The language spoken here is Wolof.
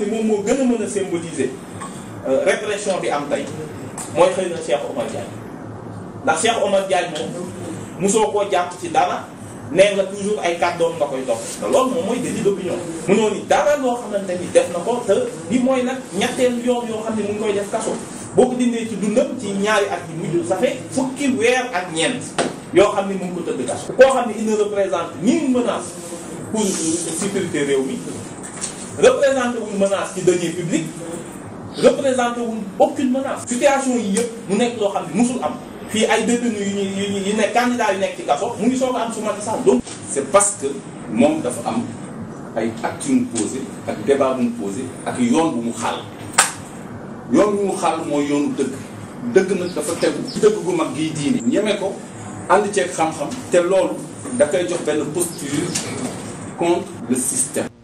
ni moom moo gën a mën a symboliser euh, répression bi am tey mooy xëy na Cheikh Omar Diagne moom musoo koo jàpp ci dara nee nga toujours ay kàddoom nga koy dox te loolu moom mooy délit d'opinion mënoo ni dara loo xamante ni def na ko te li mooy nag ñetteel yoon yoo xam ne mu ngi koy def kaso boo ko dindee ci dundam ci ñaari at yi mujj ça fukki weer ak ñeent yoo xam ne mu ngi ko tëdd kaso koo xam ne il ne représente ni une a pour sécurité réew mi représenté wuñ menace ci deniers publics représenté wuñ aucune menace situation yi yëpp mu nekk loo xam ne musul am fii ay détenus yu ñuy yu ñuy yu nekk candidat yu nekk ci kaso mu ngi soog a am su Macky Sall donc c'est parce que moom dafa am ay actes yu mu posé ak débat bu mu posé ak yoon bu mu xàll yoon bu mu xàll mooy yoonu dëgg dëgg nag dafa tegu dëgg gu mag gi diine ñeme ko ànd ceeg xam-xam te loolu da koy jox benn posture contre le système